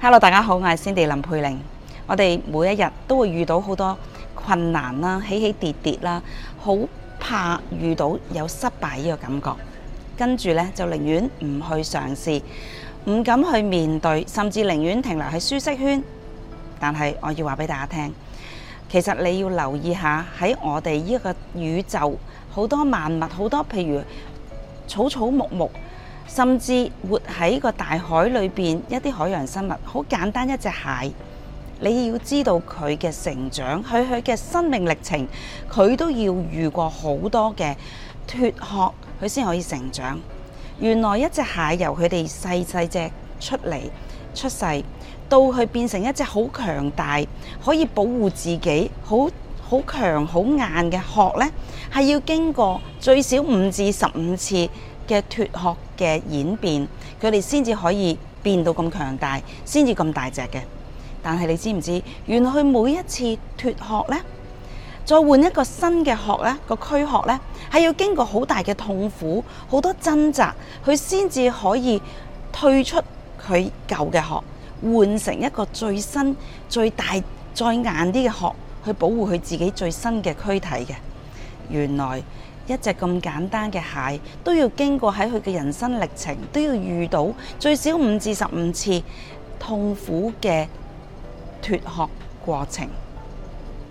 Hello，大家好，我係 Cindy 林佩玲。我哋每一日都會遇到好多困難啦，起起跌跌啦，好怕遇到有失敗呢個感覺，跟住呢，就寧願唔去嘗試，唔敢去面對，甚至寧願停留喺舒適圈。但係我要話俾大家聽，其實你要留意一下喺我哋呢個宇宙，好多萬物，好多譬如草草木木。甚至活喺個大海裏邊一啲海洋生物，好簡單，一隻蟹，你要知道佢嘅成長，佢佢嘅生命歷程，佢都要遇過好多嘅脫殼，佢先可以成長。原來一隻蟹由佢哋細細隻出嚟出世，到佢變成一隻好強大，可以保護自己好。好好強好硬嘅殼呢，係要經過最少五至十五次嘅脱殼嘅演變，佢哋先至可以變到咁強大，先至咁大隻嘅。但係你知唔知，原來佢每一次脱殼呢，再換一個新嘅殼呢，個軀殼呢，係要經過好大嘅痛苦、好多掙扎，佢先至可以退出佢舊嘅殼，換成一個最新、最大、再硬啲嘅殼。去保護佢自己最新嘅軀體嘅，原來一隻咁簡單嘅蟹都要經過喺佢嘅人生歷程，都要遇到最少五至十五次痛苦嘅脱殼過程，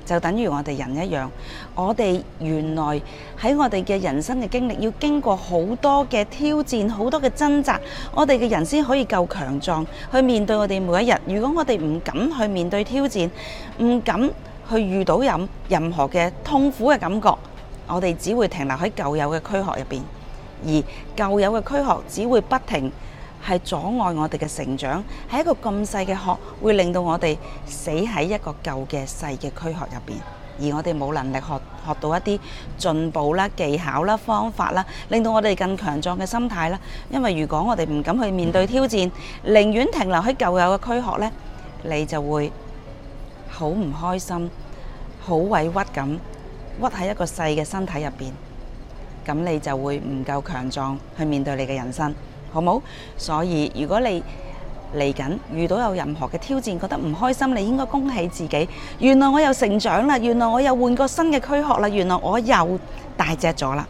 就等於我哋人一樣。我哋原來喺我哋嘅人生嘅經歷，要經過好多嘅挑戰，好多嘅掙扎，我哋嘅人先可以夠強壯去面對我哋每一日。如果我哋唔敢去面對挑戰，唔敢。去遇到任何嘅痛苦嘅感覺，我哋只會停留喺舊有嘅軀殼入邊，而舊有嘅軀殼只會不停係阻礙我哋嘅成長，喺一個咁細嘅殼會令到我哋死喺一個舊嘅細嘅軀殼入邊，而我哋冇能力學學到一啲進步啦、技巧啦、方法啦，令到我哋更強壯嘅心態啦。因為如果我哋唔敢去面對挑戰，寧願停留喺舊有嘅軀殼咧，你就會。好唔開心，好委屈咁屈喺一個細嘅身體入邊，咁你就會唔夠強壯去面對你嘅人生，好冇？所以如果你嚟緊遇到有任何嘅挑戰，覺得唔開心，你應該恭喜自己，原來我又成長啦，原來我又換個新嘅軀殼啦，原來我又大隻咗啦。